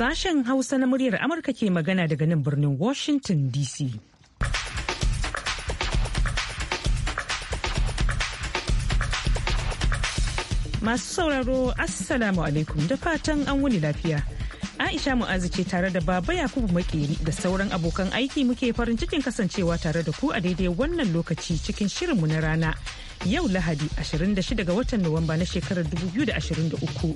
Sashen Hausa na muryar Amurka ke magana daga nan birnin Washington DC. Masu sauraro, Assalamu alaikum da fatan an wuni lafiya. Aisha Mu'azu ce tare da Baba Yakubu Makeri da sauran abokan aiki muke farin cikin kasancewa tare da ku a daidai wannan lokaci cikin shirinmu na rana. Yau Lahadi 26 ga watan Nuwamba na shekarar 2023.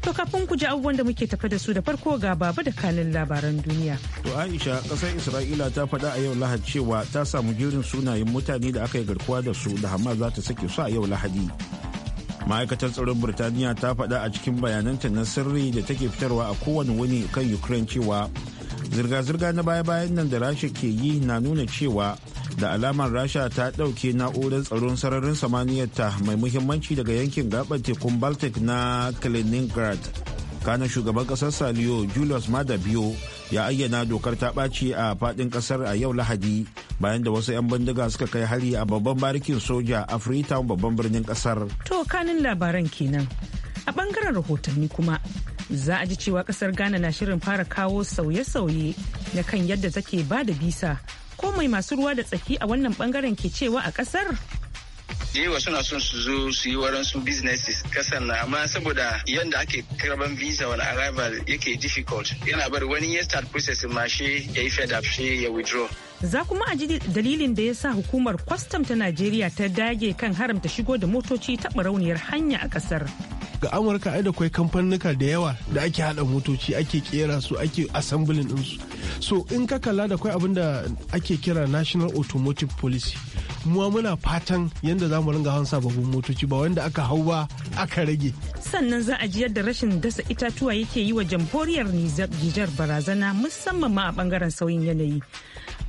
To kafin ku ji abubuwan da muke tafe da su da farko ga Baba da kanin labaran duniya. To Aisha kasar Isra'ila ta faɗa a yau Lahadi cewa ta samu jirin sunayen mutane da aka yi garkuwa da su da Hamas za ta sake su a yau Lahadi. ma'aikatar tsaron burtaniya ta faɗa a cikin bayananta na sirri da take fitarwa a kowane wani kan ukraine cewa zirga-zirga na baya-bayan nan da rasha ke yi na nuna cewa da alamar rasha ta ɗauke na'urar tsaron sararin samaniyarta mai muhimmanci daga yankin gabar tekun baltic na kaliningrad kana shugaban ƙasar saliyo julius madabio ya ayyana dokar ta ɓaci a faɗin ƙasar a yau lahadi bayan da wasu 'yan bindiga suka kai hari a babban barikin soja a freetown babban birnin ƙasar to kanin labaran kenan a ɓangaren rahotanni kuma za a ji cewa ƙasar ghana na shirin fara kawo sauye-sauye na kan yadda take ba da bisa ko mai masu ruwa da tsaki a wannan bangaren ke cewa a ƙasar yawa suna son su zo su yi waransu businesses kasan na amma saboda yanda ake karban visa wani arrival yake difficult yana bari wani ya start process ma shi ya yi fed up shi ya withdraw za kuma a ji dalilin da ya sa hukumar kwastam ta najeriya ta dage kan haramta shigo da motoci ta barauniyar hanya a kasar ga amurka ai da kwai kamfanuka da yawa da ake hada motoci ake kera su ake assembling din su so in ka kalla da kwai abin da ake kira national automotive policy muwa muna fatan yadda za mu ringa hawan sababbin motoci ba wanda aka hau ba aka rage sannan za a ji yadda rashin dasa itatuwa yake yi wa jamhuriyar nijar barazana musamman ma a bangaren sauyin yanayi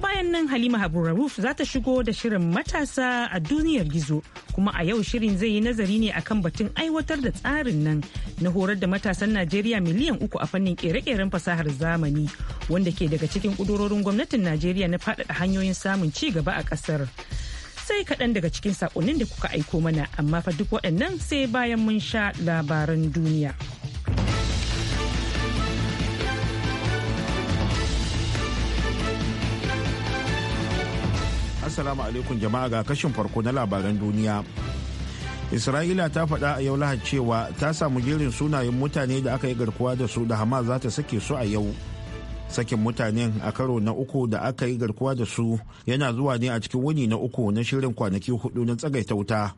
bayan nan halima habu za ta shigo da shirin matasa a duniyar gizo kuma a yau shirin zai yi nazari ne akan batun aiwatar da tsarin nan na horar da matasan najeriya miliyan uku a fannin kere-keren fasahar zamani wanda ke daga cikin kudurorin gwamnatin najeriya na faɗaɗa hanyoyin samun ci gaba a ƙasar. sai kaɗan daga cikin saƙonin da kuka aiko mana amma fa duk waɗannan sai bayan mun sha labaran duniya. Assalamu alaikum jama'a ga kashin farko na labaran duniya. Isra'ila ta faɗa a yau lahar cewa ta samu jerin sunayen mutane da aka yi garkuwa da su da Hamas za ta sake su a yau. sakin mutanen a karo na uku da aka yi garkuwa da su yana zuwa ne a cikin wuni na uku na shirin kwanaki hudu na tsagaita wuta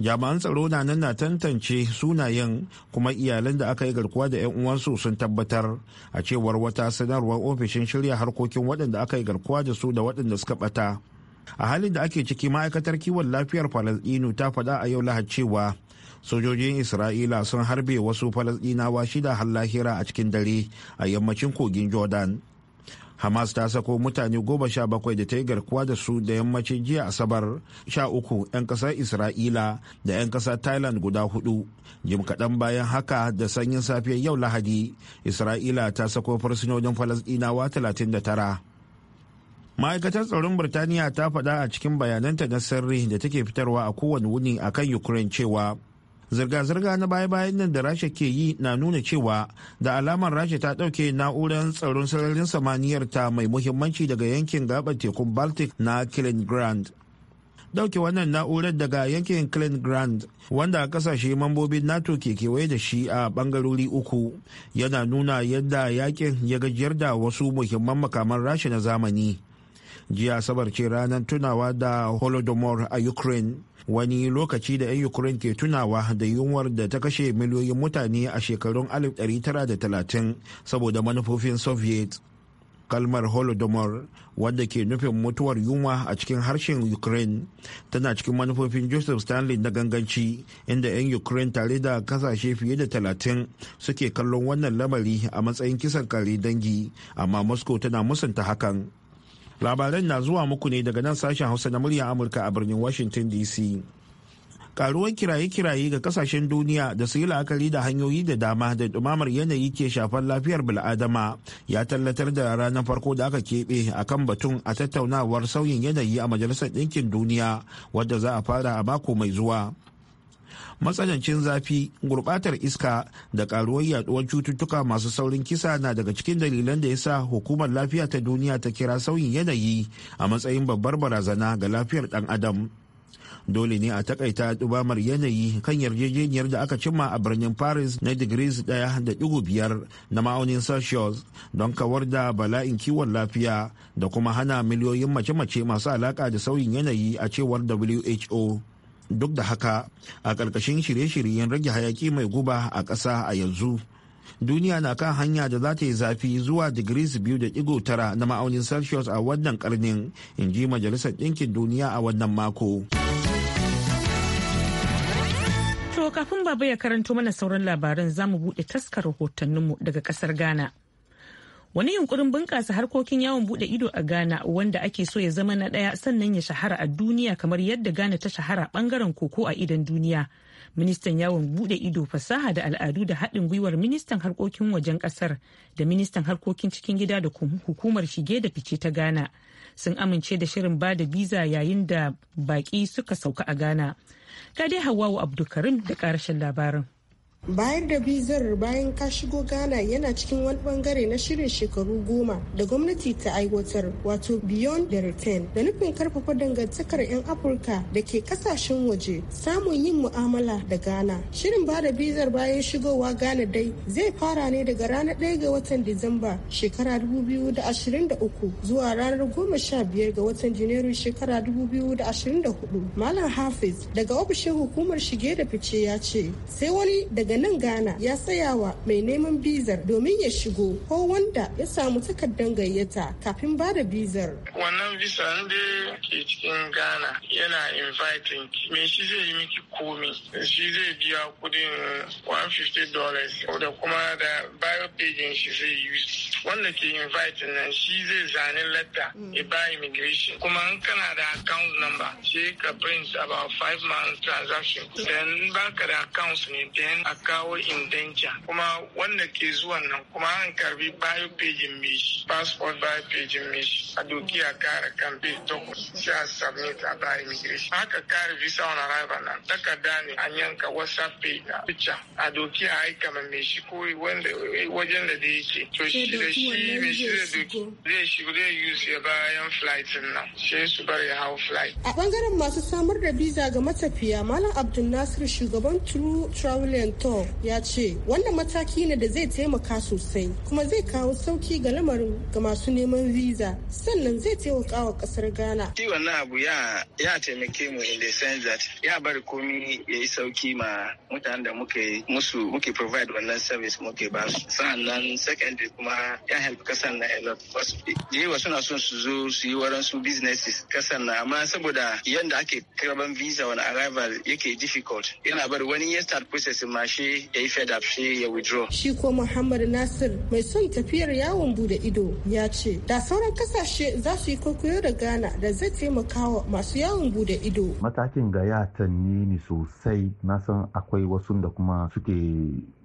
jami'an tsaro na nan na tantance sunayen kuma iyalan da aka yi garkuwa da 'yan uwansu sun tabbatar a cewar wata sanarwar ofishin shirya harkokin waɗanda aka yi garkuwa da su da waɗanda suka ɓata a halin da ake ciki ma'aikatar kiwon lafiyar falasɗinu ta faɗa a yau lahad cewa sojojin isra'ila sun harbe wasu falasdinawa shida har lahira a cikin dare a yammacin kogin jordan hamas ta sako mutane goma sha bakwai da ta yi garkuwa da su da yammacin jiya asabar sha uku 'yan kasar isra'ila da 'yan kasar thailand guda hudu jim kaɗan bayan haka da sanyin safiyar yau lahadi isra'ila ta sako fursunonin falasdinawa tara. ma'aikatar tsaron birtaniya ta faɗa a cikin bayananta na sirri da take fitarwa a kowane wuni a kan ukraine cewa zirga-zirga na baya-bayan nan da rasha ke yi na nuna cewa da alamar rasha ta ɗauke na'urar tsaron sararin samaniyar ta mai muhimmanci daga yankin gabar tekun baltic na kilin grand ɗauke wannan na'urar daga yankin kilin grand wanda kasashe mambobin nato ke kewaye da shi a bangarori uku yana nuna yadda yakin ya gajiyar da wasu muhimman makaman rasha na zamani jiya asabar ce ranar tunawa da holodomor a ukraine wani lokaci da 'yan ukraine ke tunawa da yunwar da ta kashe miliyoyin mutane a shekarun 1930 saboda manufofin soviet kalmar holodomor wadda ke nufin mutuwar yunwa a cikin harshen ukraine tana cikin manufofin joseph stanley na ganganci inda 'yan ukraine tare da kasashe fiye da talatin suke kallon wannan lamari a matsayin kisan kare dangi amma moscow tana musanta hakan labaran na zuwa muku ne daga nan sashen hausa na murya amurka a birnin washington dc karuwar kiraye-kiraye ga kasashen duniya da su yi la'akari da hanyoyi da dama da dumamar yanayi ke shafar lafiyar bil'adama ya tallatar da ranar farko da aka keɓe a kan batun a tattaunawar sauyin yanayi a majalisar ɗinkin duniya wadda za a fara a mako mai zuwa matsanancin zafi gurbatar iska da karuwar yaduwar cututtuka masu saurin kisa na daga cikin dalilan da ya sa hukumar lafiya ta duniya ta kira sauyin yanayi a matsayin babbar barazana ga lafiyar dan adam dole ne a takaita dubamar yanayi kan yarjejeniyar da aka cimma a birnin paris na digiris ɗaya da digo biyar na ma'aunin celsius don kawar da bala'in kiwon lafiya da kuma hana miliyoyin mace-mace masu alaka da sauyin yanayi a cewar who duk da haka a ƙarƙashin shirye-shiryen rage hayaki mai guba a ƙasa a yanzu duniya na kan hanya da za ta yi zafi zuwa digiris biyu da ɗigo tara na ma'aunin celsius a wannan ƙarnin in ji majalisar ɗinkin duniya a wannan mako to kafin baba ya karanto mana sauran labaran za mu buɗe taskar rahotanninmu daga ƙasar ghana wani yunkurin bunƙasa harkokin yawon bude ido a ghana wanda ake so ya zama na ɗaya sannan ya shahara a duniya kamar yadda ghana ta shahara ɓangaren koko a idan duniya ministan yawon bude ido fasaha da al'adu da haɗin gwiwar ministan harkokin wajen ƙasar da ministan harkokin cikin gida da hukumar shige da fice ta ghana sun amince da shirin ba da biza yayin da baƙi suka sauka a ghana ga dai hawawu abdulkarim da ƙarashin labarin bayar da bizar bayan ka shigo ghana yana cikin wani bangare na shirin shekaru goma da gwamnati ta aiwatar wato beyond the return da nufin karfafa dangantakar 'yan afirka da ke kasashen waje samun yin mu'amala da ghana shirin ba da bizar bayan shigowa ghana dai zai fara ne daga ranar 1 ga watan disamba shekara 2023 zuwa ranar 15 ga watan janairu shekara 2024 malam hafiz daga ofishin hukumar shige da fice ya ce sai wani daga daga Ghana ya sayawa mai neman bizar domin ya shigo ko wanda ya samu takardar gayyata kafin ba da bizar. Wannan visa da ke cikin Ghana yana inviting me shi zai yi miki komi shi zai biya kudin 150 dollars da kuma da bio shi zai yi wanda ke inviting nan shi zai zane letta mm. ya ba immigration kuma in kana da account number sai ka print about five months transaction then baka da account ne then kawo indenja kuma wanda ke zuwan nan kuma an karbi bayo pejin mishi passport bayo pejin mishi a doki a kare kan page takwas sai a submit a ba immigration haka kare visa on arrival nan takarda ne an yanka whatsapp page na picture a doki a aika ma mai shi ko wanda wajen da da yake to shi da shi mai shi da doki zai shigo zai use ya bayan flight nan sai su bar ya hau flight a bangaren masu samar da visa ga matafiya malam abdul nasir shugaban true travel and Stock ya ce wannan mataki ne da zai taimaka sosai kuma zai kawo sauki ga lamarin ga masu neman visa sannan zai taimaka wa kasar Ghana. Shi wannan abu ya ya taimake mu in the sense that ya bari komi ya yi sauki ma mutanen da muke musu muke provide wannan service muke ba su. Sannan secondary kuma ya help kasar na a lot. Jewa suna son su zo su yi su businesses kasar na amma saboda yanda ake karban visa wani arrival yake difficult yana bari wani ya start processing shi ya yi fed up shi ya withdraw. Shi ko Muhammad Nasir mai son tafiyar yawon bude ido ya ce da sauran kasashe za su yi kwaikwayo da Ghana da zai taimakawa, wa masu yawon bude ido. Matakin ga ya tanni ni sosai na san akwai wasu da kuma suke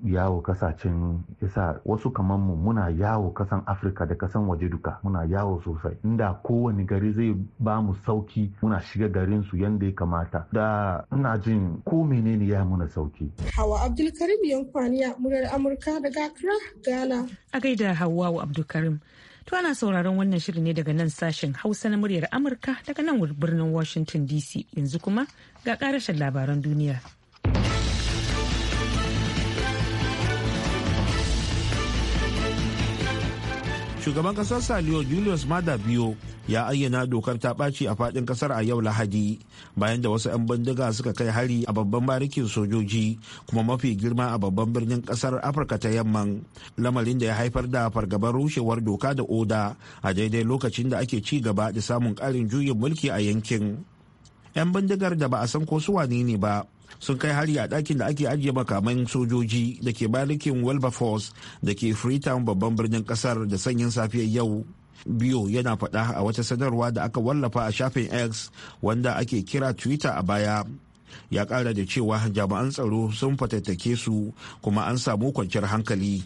yawo kasashen isa wasu kamar mu muna yawo kasan Afirka da kasan waje duka muna yawo sosai inda kowane gari zai ba mu sauki muna shiga garin su yanda ya kamata da ina jin ko menene ya muna sauki. Hawa Abdu Abdulkarim Yankwaniya muryar Amurka daga Accra, Ghana. A gaida Hawwa Abdulkarim. To ana sauraron wannan shirin ne daga nan sashen Hausa na muryar Amurka daga nan birnin Washington DC yanzu kuma ga karashen labaran duniya. shugaban kasar saliyo julius mada biyo ya ayyana dokar ta ɓaci a faɗin kasar a yau lahadi bayan da wasu 'yan bindiga suka kai hari a babban barikin sojoji kuma mafi girma a babban birnin kasar afirka ta yamman lamarin da ya haifar da fargabar rushewar doka da oda a daidai lokacin da ake ci gaba da samun ƙarin juyin mulki a yankin 'yan bindigar da ba a san ko su wane ne ba sun kai hari a ɗakin da ake ajiye makaman sojoji da ke balikin wilberforce da ke freetown babban birnin ƙasar da sanyin safiyar yau biyo yana faɗa a wata sanarwa da aka wallafa a shafin x wanda ake kira twitter a baya ya ƙara da cewa jami'an tsaro sun fatattake su kuma an samu kwanciyar hankali.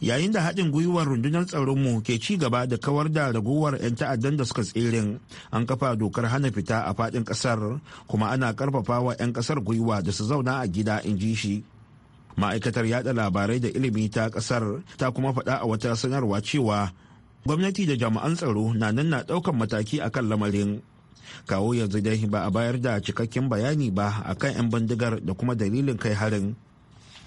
yayin da haɗin gwiwar rundunar tsaronmu ke ci gaba da kawar da ragowar 'yan ta'addan da suka tsirin an kafa dokar hana fita a faɗin ƙasar kuma ana ƙarfafa wa 'yan ƙasar gwiwa da su zauna a gida in ji shi ma'aikatar yada labarai da ilimi ta ƙasar ta kuma faɗa a wata sanarwa cewa gwamnati da jami'an tsaro na nan na ɗaukan mataki a kan lamarin kawo yanzu dai ba a bayar da cikakken bayani ba a kan 'yan bindigar da kuma dalilin kai harin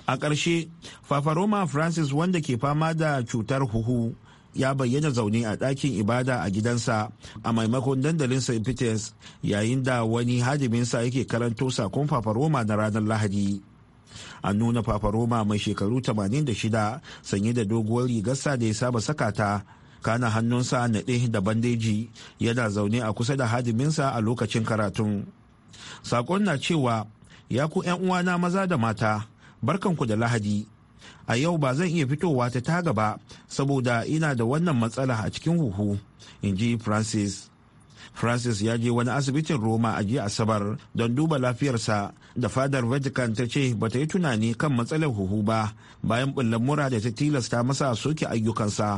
a ƙarshe fafaroma francis wanda ke fama da cutar huhu ya bayyana zaune a ɗakin ibada a gidansa a maimakon dandalin st peters yayin da wani hadiminsa yake karanto sakon fafaroma na ranar lahadi an nuna fafaroma mai shekaru 86 sanye da doguwar rigarsa da ya saba saka ta kana hannunsa naɗe da bandeji yana zaune a kusa da hadiminsa a lokacin karatun sakon na cewa ya ku 'yan uwana maza da mata barkanku da lahadi a yau ba zan iya fitowa ta taga ba saboda ina da wannan matsala a cikin huhu in ji francis francis ya je wani asibitin roma a jiya asabar don duba lafiyarsa da fadar vatican ta ce ba ta yi tunani kan matsalar huhu ba bayan bullan mura da ta tilasta masa soke ayyukansa.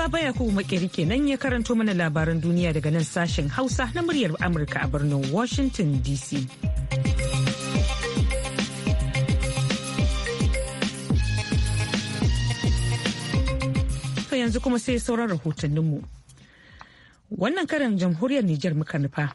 Baba Yakubu Makeri kenan ya karanto mana labaran duniya daga nan sashen Hausa na muryar Amurka a birnin Washington DC. To yanzu kuma sai sauran rahotanninmu. Wannan karin jamhuriyar Nijar muka nufa.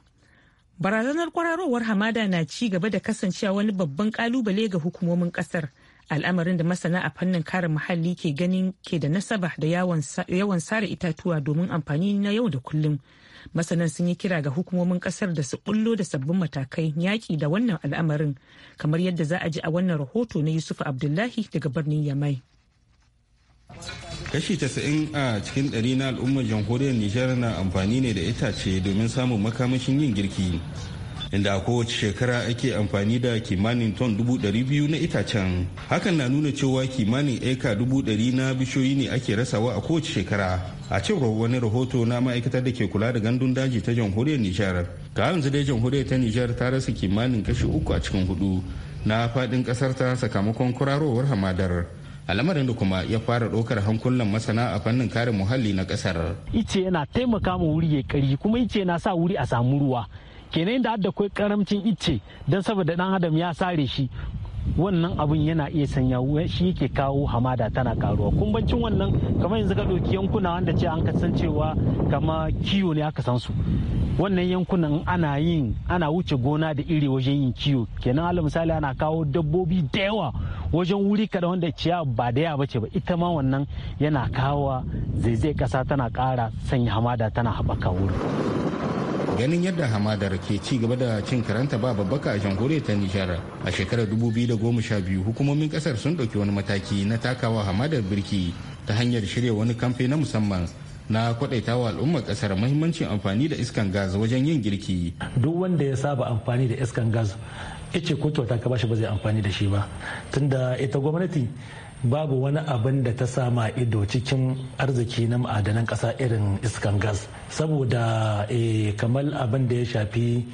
Barazanar kwararowar hamada na ci gaba da kasancewa wani babban kalubale ga hukumomin kasar. al'amarin da masana a fannin kare muhalli ke ganin ke da nasaba da yawan sare itatuwa domin amfani na yau da kullum masanan sun yi kira ga hukumomin kasar da su bullo da sabbin matakai yaƙi da wannan al'amarin kamar yadda za a ji a wannan rahoto na yusuf abdullahi daga birnin yamai kashi 90 a cikin ɗari na al'ummar jamhuriyar nijar na amfani ne da itace domin samun makamashin yin girki inda a kowace shekara ake amfani da kimanin ton dubu ɗari biyu na itacen hakan na nuna cewa kimanin eka dubu ɗari na bishiyoyi ne ake rasawa a kowace shekara a cewar wani rahoto na ma'aikatar da ke kula da gandun daji ta jamhuriyar nijar ga yanzu dai jamhuriyar ta nijar ta rasa kimanin kashi uku a cikin hudu na faɗin kasar ta sakamakon kurarowar hamadar a lamarin da kuma ya fara ɗaukar hankulan masana a fannin kare muhalli na kasar. Ice yana taimaka ma wuri ya kari kuma ice yana sa wuri a samu ruwa kenan da hada kai karamcin icce don saboda dan adam ya sare shi wannan abun yana iya sanya shi yake kawo hamada tana karuwa kumbancin wannan kamar yanzu ka ɗauki yankuna wanda ce an kasan cewa kama kiwo ne aka san su wannan yankunan ana yin ana wuce gona da iri wajen yin kiwo kenan ala misali ana kawo dabbobi da yawa wajen wuri kada wanda ciya ba da yawa bace ba ita ma wannan yana kawo zaizai kasa tana kara sanya hamada tana haɓaka wuri ganin yadda hamadar ke ci gaba da cin karanta ba babbaka a jamhuriyar ta nijar a shekarar dubu biyu da goma sha biyu hukumomin kasar sun ɗauki wani mataki na takawa hamadar birki ta hanyar shirya wani kamfe na musamman na kwadaitawa al'ummar kasar mahimmancin amfani da iskan gas wajen yin girki duk wanda ya saba amfani da iskan gas ice ko ta ka bashi ba zai amfani da shi ba tunda ita gwamnati babu wani abin da ta sama ido cikin arziki na ma'adanan ƙasa irin iskan gas saboda eh, kamar abin da ya shafi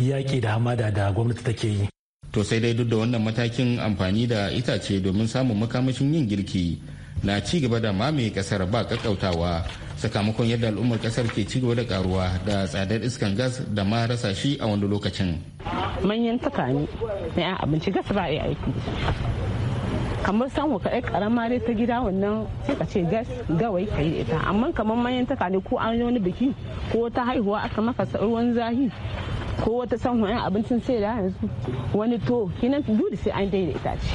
yaƙi da hamada da gwamnati take yi to sai dai duk da wannan matakin amfani da itace domin samun makamashin yin girki na ci gaba da mamaye kasar ba kakkautawa sakamakon yadda al'ummar kasar ke ci gaba da karuwa da tsadar iskan gas da ma rasa shi a wani lokacin manyan tukani na abinci gas ba ya aiki kamar samu ka karama dai ta gida wannan sai ka ce gas gawai ka yi ita amma kamar manyan taka ne ko an yi wani biki ko ta haihuwa aka maka ruwan zahi ko wata san abincin sai da yanzu wani to kinan dudu sai an daida itace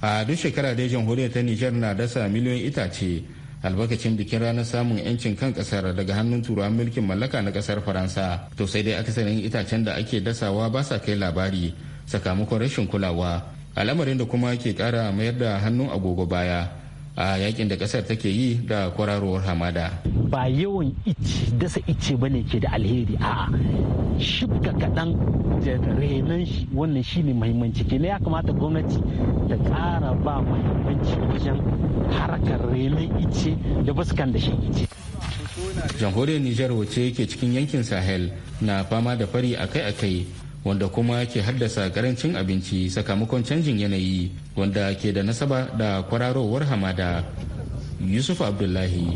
a duk shekara dai jamhuriyar ta nijar na dasa miliyoyin itace albarkacin bikin ranar samun yancin kan kasar daga hannun turawan mulkin mallaka na kasar faransa to sai dai akasarin itacen da ake dasawa ba sa kai labari sakamakon rashin kulawa a lamarin da kuma ke kara mayar da hannun agogo baya a yakin da kasar take yi da kwararowar hamada ba yawan ice dasa ice ba ne ke da alheri a shibka kaɗan da renon shi wannan shi ne mahimmanci ke ne ya kamata gwamnati ta kara ba mahimmanci wajen harkar renon ice da buskan da shi ice jamhuriyar nijar wacce ke cikin yankin sahel na fama da fari akai-akai wanda kuma ke haddasa karancin abinci sakamakon canjin yanayi wanda ke da nasaba da kwararowar hamada yusuf abdullahi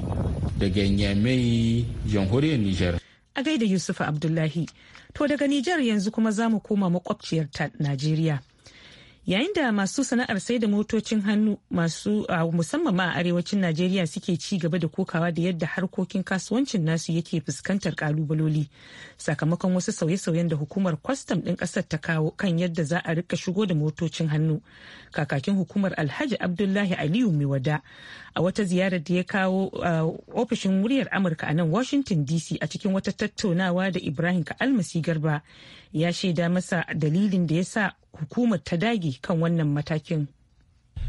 daga nyamai jamhuriyar nijar a gaida yusuf abdullahi to daga nijar yanzu kuma za mu koma makwabciyar ta najeriya yayin da masu sana'ar sai da motocin hannu masu musamman ma a arewacin najeriya suke ci gaba da kokawa da yadda harkokin kasuwancin nasu yake fuskantar kalubaloli sakamakon wasu sauye-sauyen da hukumar kwastam din kasar ta kawo kan yadda za a rika shigo da motocin hannu kakakin hukumar alhaji abdullahi aliyu mai wada a wata ziyarar da ya kawo ofishin muryar amurka a nan washington dc a cikin wata tattaunawa da ibrahim ka almasi garba ya shaida masa dalilin da ya sa hukumar ta dage kan wannan matakin.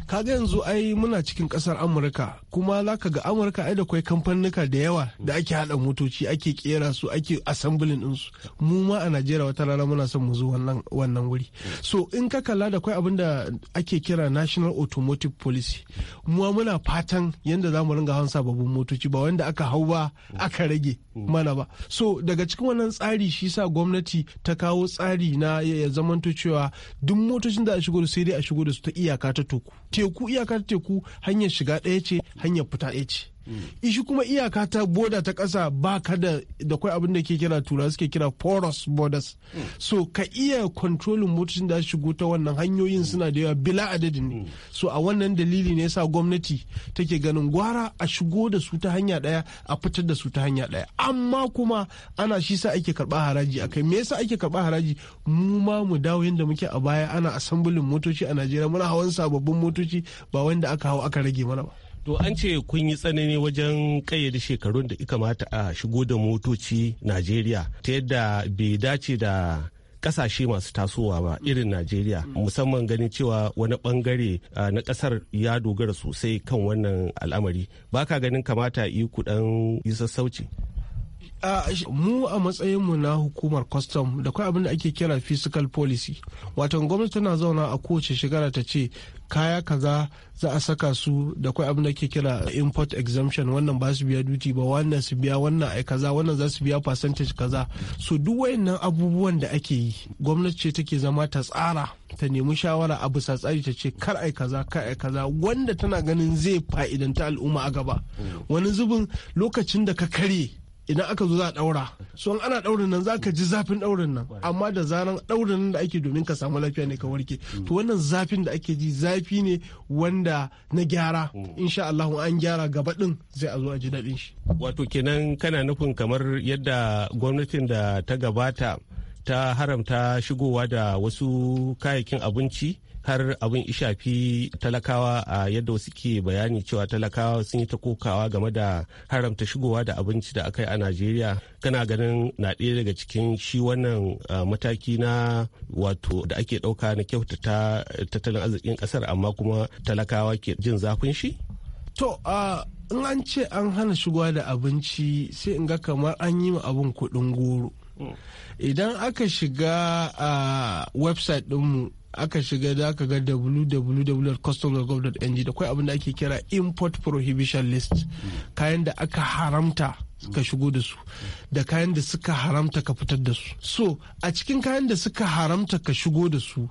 kaga yanzu ai muna cikin kasar amurka kuma za ka ga amurka ai da kwai kamfanuka da yawa da ake hada motoci ake kera su ake assembling dinsu mu ma a najeriya wata rana muna son mu zo wannan wuri so in ka kalla da kwai abin da ake kira national automotive policy mu muna fatan yadda za mu ringa hawan sababbin motoci ba wanda aka hau ba aka rage mana ba so daga cikin wannan tsari shi sa gwamnati ta kawo tsari na ya zamanto cewa duk motocin da a shigo da sai dai a shigo da su ta iyaka ta teku teku iyaka ta teku hanyar shiga ɗaya ce hanyar fita ɗaya ce Mm. ishi kuma iyaka ta boda ta kasa ba ka da da kwai abin da ke kira tura suke kira porous borders mm. so ka iya kontrolin motocin da shigo ta wannan hanyoyin suna da yawa bila adadin ne mm. so a wannan dalili ne yasa gwamnati take ganin gwara a shigo da su ta hanya daya a fitar da su ta hanya daya amma kuma ana shi sa ake karba haraji akai me yasa ake karba haraji mu ma mu dawo yanda muke a baya ana assembling motoci a Najeriya muna hawan sababbin motoci ba wanda aka hawo aka rage mana ba To an ce kun yi tsanani wajen kayyade shekarun da ikamata a shigo da motoci Najeriya ta yadda bai dace da kasashe masu tasowa ba irin Najeriya musamman ganin cewa wani bangare na kasar ya dogara sosai kan wannan al'amari Ba ka ganin kamata yi kudan yi sassauci. mu a matsayinmu na hukumar custom da kai abin da ake kira fiscal policy wato gwamnati tana zauna a kowace shekara ta ce kaya kaza za a saka su da kai abin da ake kira import exemption wannan ba su biya duty ba wannan su biya wannan ai kaza wannan za su biya percentage kaza so duk wayannan abubuwan da ake yi gwamnati ce take zama ta tsara ta nemi shawara a bisa tsari ta ce kar ai kaza kar ai kaza wanda tana ganin zai fa'idanta al'umma a gaba wani zubin lokacin da ka karye idan aka zo za a daura so ana daurin nan za ka ji zafin daurin nan amma da zaran daurin nan da ake domin ka samu lafiya ne ka warke to wannan zafin da ake ji zafi ne wanda na gyara hmm. insha Allah an gyara gaba din zai a zo a ji dadin shi wato kenan kana nufin kamar yadda gwamnatin da ta gabata ta haramta shigowa da wasu kayayyakin abinci har abin ishafi talakawa a yadda wasu ke bayani cewa talakawa sun yi ta kokawa game da haramta shigowa da abinci da aka yi a najeriya kana ganin na ɗaya daga cikin shi wannan mataki na wato da ake ɗauka na kyautata tattalin arzikin ƙasar amma kuma talakawa ke jin zafin shi to in an ce an hana shigowa da abinci sai in ga kamar an yi abin kuɗin goro mm. idan aka shiga a website ɗinmu aka shiga da aka ga www.customs.gov.ng da kwai abin da ake kira import prohibition list kayan da aka haramta ka shigo da su da kayan da suka haramta ka fitar da su so a cikin kayan da suka haramta ka shigo da su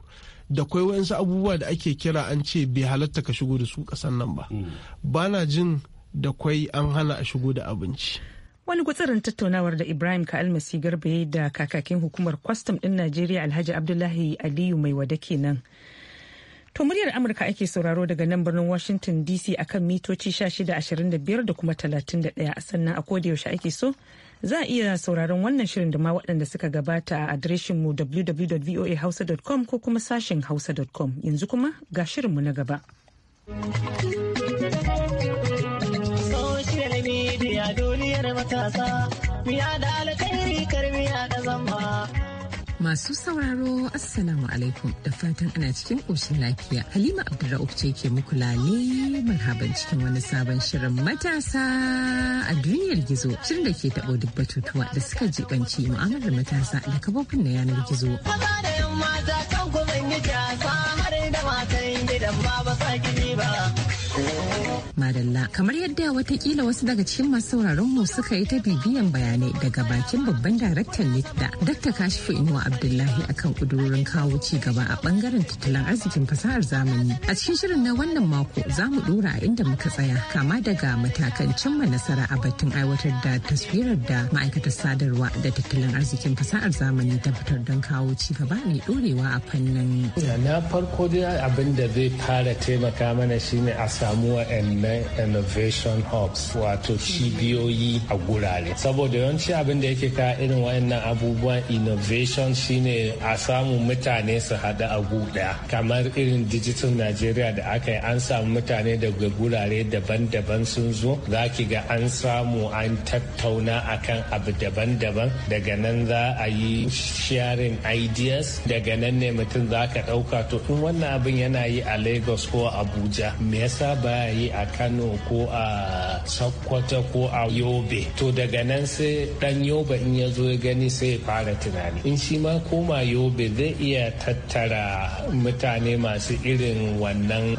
da kwai wayansu abubuwa da ake kira an ce bai halatta ka shigo da su kasan nan ba mm. ba na jin da kwai an hana a shigo da abinci wani gutsirin tattaunawar da ibrahim ka almasi garba ya da kakakin hukumar kwastam din najeriya alhaji abdullahi aliyu mai wada kenan to muryar amurka ake sauraro daga nan birnin washington dc akan mitoci 1625 da biyar da kuma talatin da 31 sannan a yaushe ake so za a iya sauraron wannan shirin da ma waɗanda suka gabata a adireshin mu www.voahausa.com ko kuma sashen hausa.com yanzu kuma ga shirinmu na gaba. matasa, miya da alkhairi karmiya da zamba. Masu sauraro Assalamu alaikum da fatan ana cikin ƙoshin lafiya. Halima Abdulra'uf ce ke muku lale marhaban cikin wani sabon shirin matasa a duniyar gizo. Shirin da ke taɓo duk batutuwa da suka jibanci mu'amalar matasa da kafofin na yanar gizo. Maza da yamma kan kuma yi jasa har da matan gidan ba ba sa gini ba. Madalla kamar yadda watakila wasu daga cikin masu sauraron mu suka yi ta bibiyan bayanai daga bakin babban daraktan da Dr. Kashifu Inuwa Abdullahi akan kudurorin kawo ci gaba a bangaren tattalin arzikin fasahar zamani. A cikin shirin na wannan mako za mu dora a inda muka tsaya kama daga matakan cimma nasara a batun aiwatar da taswirar da ma'aikatar sadarwa da tattalin arzikin fasahar zamani ta fitar don kawo ci gaba mai dorewa a fannin. Na farko dai abin da zai fara taimaka mana shine a samu wa'yan wa'annan innovation hubs wato cibiyoyi a gurare saboda yawanci abin da yake ka irin wayannan abubuwan innovation shine a samu mutane su hada a guda kamar irin digital nigeria da aka yi an samu mutane daga gurare daban-daban sun zo za ki ga an samu an tattauna akan abu daban-daban daga nan za a yi sharing ideas daga nan ne mutum za ka ɗauka to in wannan abin yana yi a lagos ko abuja me yasa ba yi a a kano ko a sokoto ko a yobe to daga nan sai dan yobe in ya zo ya gani sai ya fara tunani in shi ma koma yobe zai iya tattara mutane masu irin wannan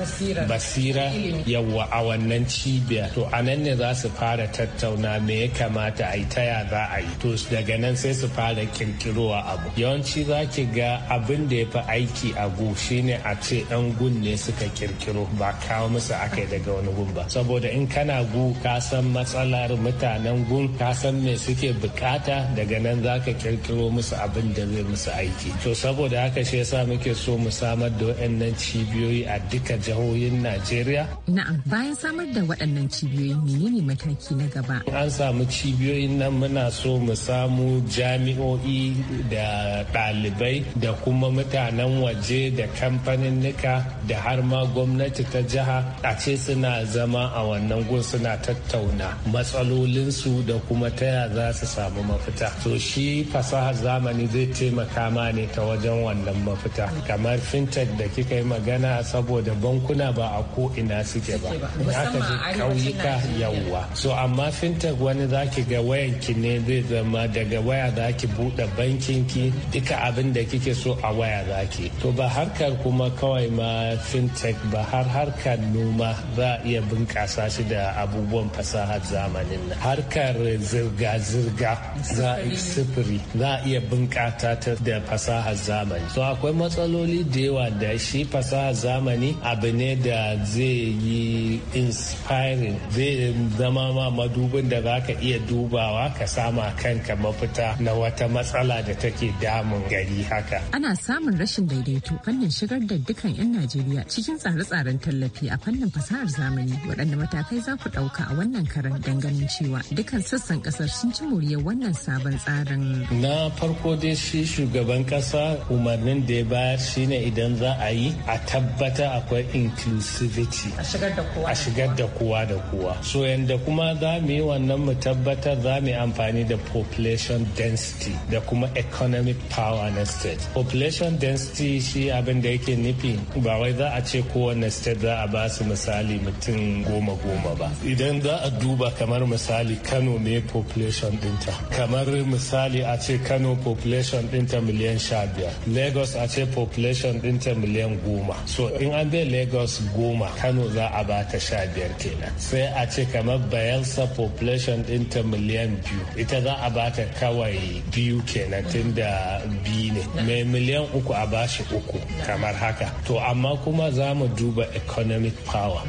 basira yawa a wannan cibiya to a nan ne za su fara tattauna me ya kamata a yi ta ya za a yi to daga nan sai su fara kirkirowa abu yawanci za ki ga abin da ya fi aiki a gu shine a ce dan gun ne suka kirkiro ba kawo musu yi daga wani gun ba saboda in kana gu ka san matsalar mutanen gun ka san me suke bukata daga nan za ka kirkiro musu abin da zai musu aiki to saboda haka shi yasa muke so mu samar da waɗannan cibiyoyi a duka jihohin najeriya na'am bayan samar da waɗannan cibiyoyi menene mataki na gaba an samu cibiyoyin nan muna so mu samu jami'o'i da ɗalibai da kuma mutanen waje da kamfanin da har ma gwamnati ta jiha a ce suna zama a wannan gun suna tattauna matsalolinsu da kuma ta ya za su samu mafita to shi fasahar zamani zai taimaka ma ne ta wajen wannan mafita kamar fintech da kika yi magana saboda bankuna ba a ko ina suke ba aka ji kauyuka yawwa so amma fintech wani za ki ga wayan ki ne zai zama daga waya za zaki buɗe ki duka abin da kike so a waya za ki to ba harkar kuma kawai ma fintech ba har harkar noma za a iya bunƙasa shi da abubuwan fasahar zamanin nan harkar zirga-zirga za a sifiri za a iya bunƙasa ta da fasahar zamani so akwai matsaloli da yawa da shi fasahar zamani abu ne da zai yi inspiring zai zama ma madubin da za ka iya dubawa ka sama kanka mafita na wata matsala da take damun gari haka ana samun rashin daidaito fannin shigar da dukkan 'yan najeriya cikin tsare-tsaren tallafi a fannin fasahar zamani waɗanne matakai za ku ɗauka a wannan karan ganin cewa dukkan sassan ƙasar sun ci moriyar wannan sabon tsarin. Na farko dai shi shugaban ƙasa umarnin da ya bayar shine idan za a yi a tabbata akwai inclusivity. A shigar da kowa da kowa. So yanda kuma za mu yi wannan mu tabbatar za mu yi amfani da population density da kuma economic power na state. Population density shi abin da yake nufi ba wai za a ce kowane state za a ba su misali mutum in goma goma ba idan za a duba kamar misali kano ne population dinta kamar misali a ce kano population dinta miliyan sha biyar lagos a ce population dinta miliyan goma so in an bai lagos goma kano za a ba ta sha biyar kenan sai a ce kamar bayansa population dinta miliyan biyu ita za a ba ta kawai biyu kenan tun da biyu ne mai miliyan uku a bashi uku kamar haka to amma kuma za mu duba economic power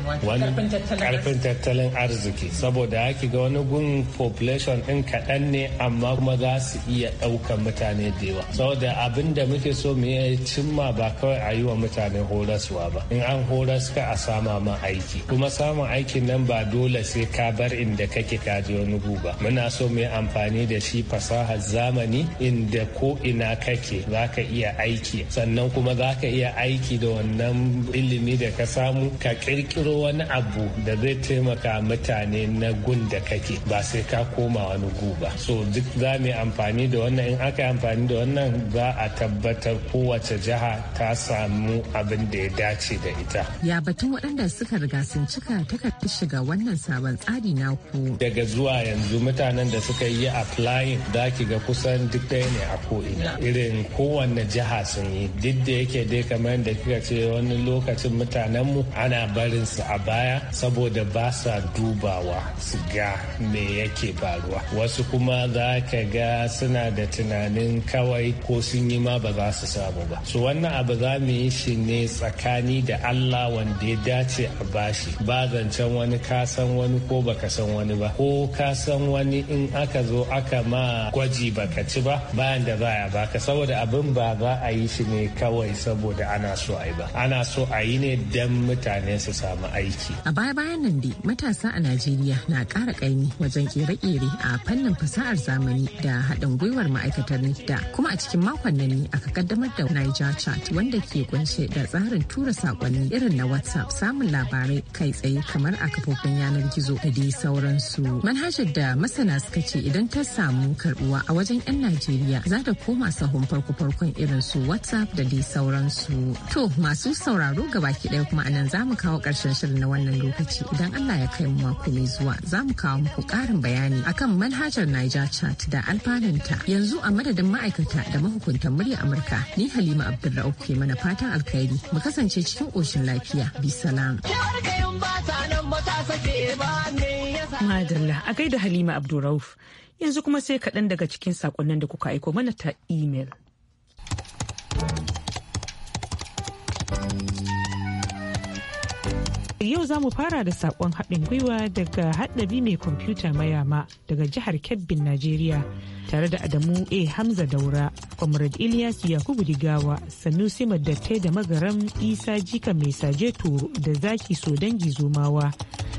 karfin tattalin arziki saboda ya ga wani gun population din kaɗan ne amma kuma za su iya ɗaukan mutane da yawa saboda abin da muke so mu yi cimma ba kawai a yi wa mutane horaswa ba in an horaska a sama ma aiki kuma samun aikin nan ba dole sai ka bar inda kake ka je wani guba ba muna so mu yi amfani da shi fasahar zamani inda ko ina kake za ka iya aiki sannan kuma za ka iya aiki da wannan ilimi da ka samu ka kirkiro wani abu da zai taimaka mutane na gun da kake ba sai ka koma wani gu ba so duk za mu amfani da wannan in aka yi amfani da wannan za a tabbatar kowace jiha ta samu abin da ya dace da ita ya batun waɗanda suka riga sun cika takardar shiga wannan sabon tsari na ku. daga zuwa yanzu mutanen da suka yi applying za ki ga kusan duk ɗaya ne a ko'ina irin kowanne jiha sun yi duk da yake dai kamar da kika ce wani lokacin mutanenmu ana barinsu a baya baya saboda ba sa dubawa su ga me yake faruwa wasu kuma za ka ga suna da tunanin kawai ko sun yi ma ba za su samu ba su wannan abu za mu yi shi ne tsakani da allah wanda ya dace a bashi ba zancen wani ka san wani ko baka san wani ba ko ka san wani in aka zo aka ma gwaji baka ci ba bayan da za a baka saboda abin ba za a yi shi ne kawai saboda ana so a yi ba ana so a yi ne don mutane su samu aiki a baya bayan nan dai matasa a najeriya na ƙara ƙaimi wajen ƙere-ƙere a fannin fasahar zamani da haɗin gwiwar ma'aikatar nifda kuma a cikin makon nan ne aka kaddamar da niger chat wanda ke kunshe da tsarin tura saƙonni irin na whatsapp samun labarai kai tsaye kamar a kafofin yanar gizo da dai sauransu manhajar da masana suka ce idan ta samu karbuwa a wajen 'yan najeriya za ta koma sahun farko-farkon irin su whatsapp da dai sauransu to masu sauraro gabaki ɗaya kuma anan za mu kawo ƙarshen shirin na wani wannan lokaci idan Allah ya kai mu mako mai zuwa za mu kawo muku ƙarin bayani akan manhajar Niger Chat da alfanunta. Yanzu a madadin ma'aikata da mahukuntan murya Amurka ni Halima Abdulrauf ke mana fatan alkhairi mu kasance cikin ƙoshin lafiya bi salam. Madalla a gaida Halima Abdulrauf yanzu kuma sai kaɗan daga cikin sakonnin da kuka aiko mana ta imel. yau za mu fara da sakon haɗin gwiwa daga haɗabi mai kwamfuta mayama daga jihar Kebbin, Najeriya. Tare da Adamu A. Hamza Daura, Comrade ilias Yakubu Digawa, Sanusi Madattai da Magaram Isa Jika Mai Saje Toro da Zaki so dangi Zomawa.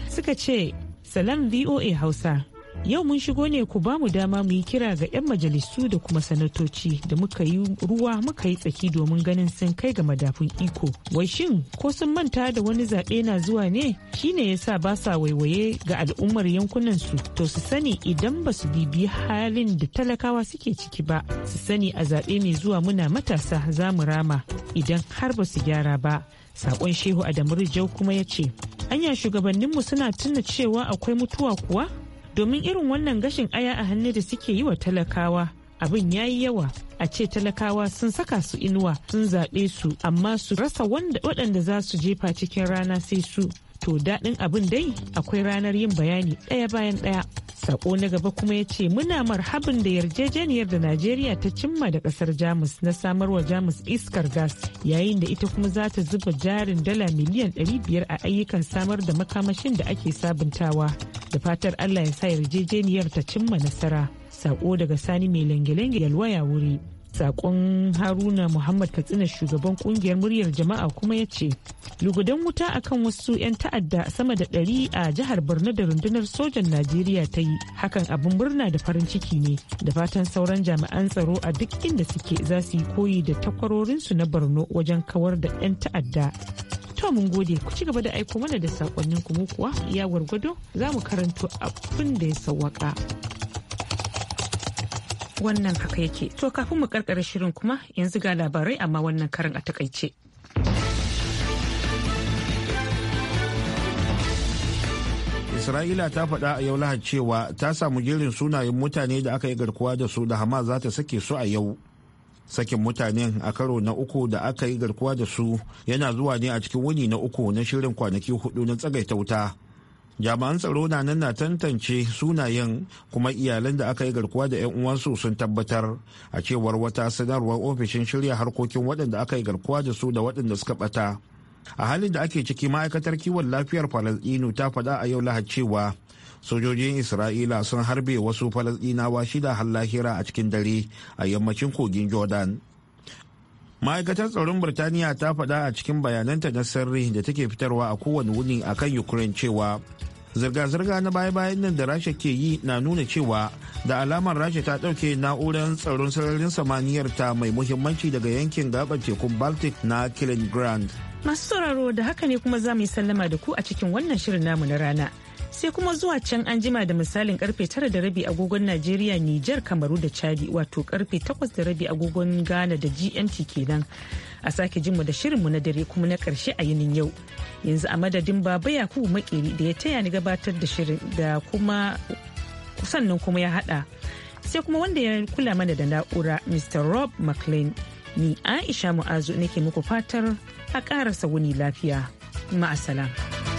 Suka ce, Salam VOA Hausa, Yau mun shigo ne ku ba mu dama mu yi kira ga 'yan majalisu da kuma sanatoci da muka yi ruwa muka yi tsaki domin ganin sun kai ga madafun iko. Wai shin ko sun manta da wani zaɓe na zuwa ne? Shi ne ya sa ba sa waiwaye ga al'ummar yankunan su. To su sani idan ba su bibi halin da talakawa suke ciki ba. Su sani a zaɓe mai zuwa muna matasa za mu rama idan har ba su gyara ba. Sakon Shehu Adamu Rijau kuma ya ce, Anya shugabanninmu suna tuna cewa akwai mutuwa kuwa? domin irin wannan gashin aya a hannu da suke yi wa talakawa abin ya yi yawa a ce talakawa sun saka su inuwa sun zaɓe su amma su rasa waɗanda za su jefa cikin rana sai su to daɗin abin dai akwai ranar yin bayani ɗaya bayan ɗaya Sako na gaba kuma ya ce muna marhabin da yarjejeniyar da Najeriya ta cimma da kasar Jamus na samarwa Jamus iskar gas yayin da ita kuma za ta zuba jarin dala miliyan 500 a ayyukan samar da makamashin da ake sabuntawa da fatar Allah ya sa yarjejeniyar ta cimma nasara. Sako daga Sani mai lange-lange yalwaya wuri. sakon haruna muhammad katsina shugaban kungiyar muryar jama'a kuma ya ce lugudan wuta akan wasu 'yan ta'adda sama da ɗari a jihar borno da rundunar sojan najeriya ta yi hakan abin murna da farin ciki ne da fatan sauran jami'an tsaro a duk inda suke za su yi koyi da takwarorinsu na borno wajen kawar da 'yan ta'adda to mun gode ku ci gaba da aiko mana da sakonnin mu kuwa iya gwargwado za mu karanto abin da ya sawaka. wannan haka yake to kafin mu karkare shirin kuma yanzu ga labarai amma wannan karin a takaice isra'ila ta faɗa a yau lahar cewa ta samu jerin sunayen mutane da aka yi garkuwa da su da hamas za ta sake su a yau sakin mutanen a karo na uku da aka yi garkuwa da su yana zuwa ne a cikin wuni na uku na shirin kwanaki hudu na tsagaita wuta jami'an tsaro na nan na tantance sunayen kuma iyalan da aka yi garkuwa da 'yan uwansu sun tabbatar a cewar wata sanarwar ofishin shirya harkokin waɗanda aka yi garkuwa da su da waɗanda suka ɓata a halin da ake ciki ma'aikatar kiwon lafiyar falasɗinu ta faɗa a yau lahad cewa sojojin isra'ila sun harbe wasu falasɗinawa shida har lahira a cikin dare a yammacin kogin jordan ma'aikatar tsaron birtaniya ta faɗa a cikin bayananta na sirri da take fitarwa a kowane wuni a kan ukraine cewa zirga-zirga na baya-bayan nan da rasha ke yi na nuna cewa da alamar rasha ta ɗauke na'urar tsaron sararin samaniyar ta mai muhimmanci daga yankin gabar tekun baltic na killing grand masu sauraro da haka ne kuma za mu yi sallama da ku a cikin wannan shirin namu na rana sai kuma zuwa can an jima da misalin karfe tara da rabi agogon Najeriya Nijar Kamaru da Chadi wato karfe takwas da rabi agogon Ghana da GMT kenan. A sake jinmu da shirinmu na dare kuma na karshe a yinin yau. Yanzu a madadin Baba Yakubu Makeri da ya taya ni gabatar da shirin da kuma sannan kuma ya hada. Sai kuma wanda ya kula mana da na'ura Mr. Rob McLean. Ni Aisha Mu'azu nake muku fatar a karasa wuni lafiya. Ma'asala.